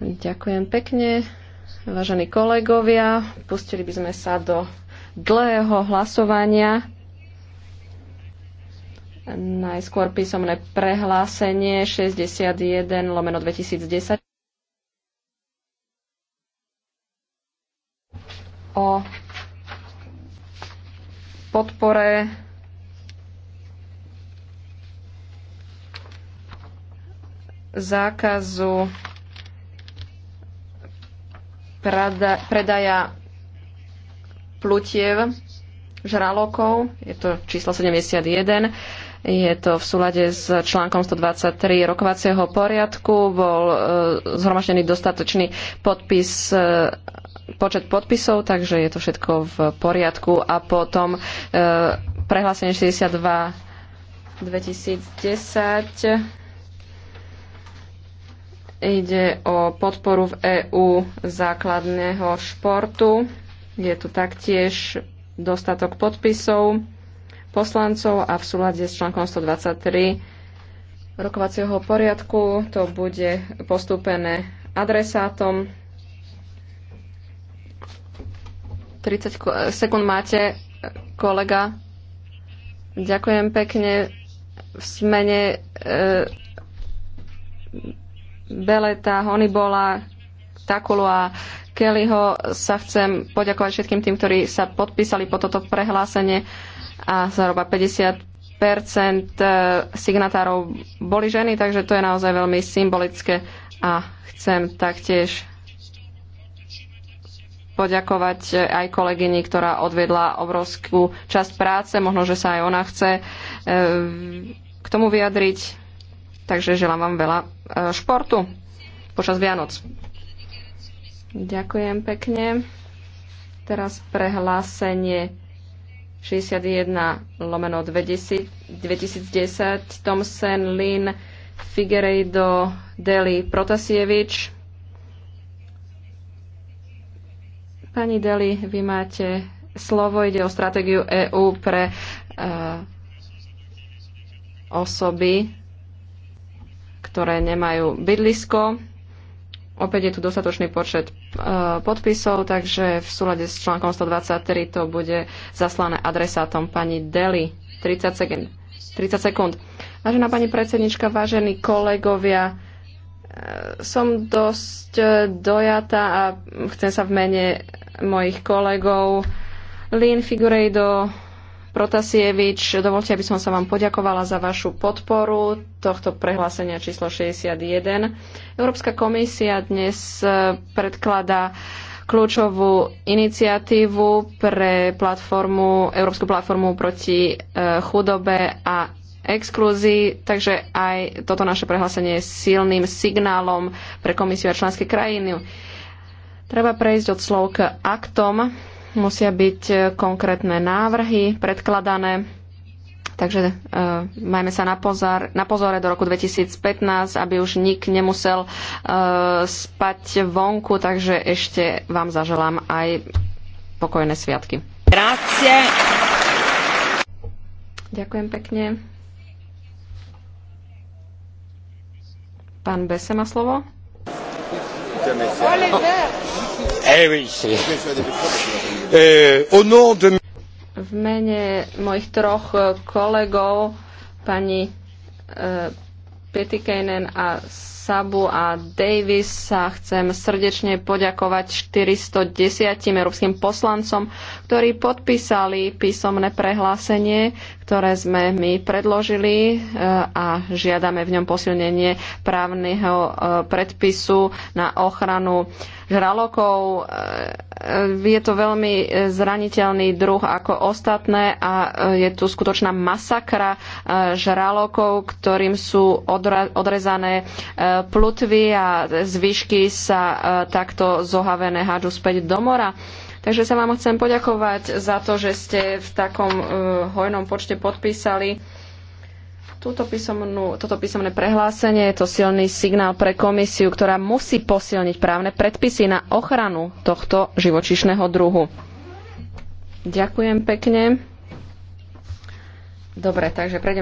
Ďakujem pekne, vážení kolegovia. Pustili by sme sa do dlhého hlasovania. Najskôr písomné prehlásenie 61 lomeno 2010 o podpore zákazu predaja plutiev žralokov. Je to číslo 71. Je to v súlade s článkom 123 rokovacieho poriadku. Bol e, zhromaždený dostatočný podpis e, počet podpisov, takže je to všetko v poriadku a potom e, prehlásenie 62 2010 Ide o podporu v EÚ základného športu. Je tu taktiež dostatok podpisov poslancov a v súlade s článkom 123 rokovacieho poriadku to bude postúpené adresátom. 30 sekúnd máte, kolega. Ďakujem pekne. V smene e, Beleta, Honibola, Takulu a Kellyho sa chcem poďakovať všetkým tým, ktorí sa podpísali po toto prehlásenie a zhruba 50 e, signatárov boli ženy, takže to je naozaj veľmi symbolické a chcem taktiež poďakovať e, aj kolegyni, ktorá odvedla obrovskú časť práce. Možno, že sa aj ona chce e, k tomu vyjadriť. Takže želám vám veľa e, športu počas Vianoc. Ďakujem pekne. Teraz prehlásenie 61 lomeno 2010 Tomsen Lin, Figueiredo, Deli, Protasievič. Pani Deli, vy máte slovo, ide o stratégiu EÚ pre uh, osoby ktoré nemajú bydlisko. Opäť je tu dostatočný počet e, podpisov, takže v súlade s článkom 123 to bude zaslané adresátom pani Deli. 30 sekúnd. 30 sekúnd. Vážená pani predsednička, vážení kolegovia, e, som dosť e, dojata a chcem sa v mene mojich kolegov Lynn Figurejdo, Protasievič, dovolte, aby som sa vám poďakovala za vašu podporu tohto prehlásenia číslo 61. Európska komisia dnes e, predkladá kľúčovú iniciatívu pre platformu, Európsku platformu proti e, chudobe a exkluzii, takže aj toto naše prehlásenie je silným signálom pre komisiu a členské krajiny. Treba prejsť od slov k aktom. Musia byť e, konkrétne návrhy predkladané. Takže uh, majme sa na, pozor, na pozore do roku 2015, aby už nik nemusel uh, spať vonku, takže ešte vám zaželám aj pokojné sviatky. Grazie. Ďakujem pekne. Pán Bese má slovo. Eh eh, v mene mojich troch eh, kolegov, pani eh, Petikejnen a Sabu a Davis sa chcem srdečne poďakovať 410 európskym poslancom, ktorí podpísali písomné prehlásenie, ktoré sme my predložili a žiadame v ňom posilnenie právneho predpisu na ochranu žralokov. E, e, je to veľmi e, zraniteľný druh ako ostatné a je tu skutočná masakra žralokov, ktorým sú odrezané plutvy a zvyšky sa takto zohavené hádžu späť do mora. Takže sa vám chcem poďakovať za to, že ste v takom hojnom počte podpísali Túto písomnú, toto písomné prehlásenie je to silný signál pre komisiu, ktorá musí posilniť právne predpisy na ochranu tohto živočíšneho druhu. Ďakujem pekne. Dobre, takže prejdeme.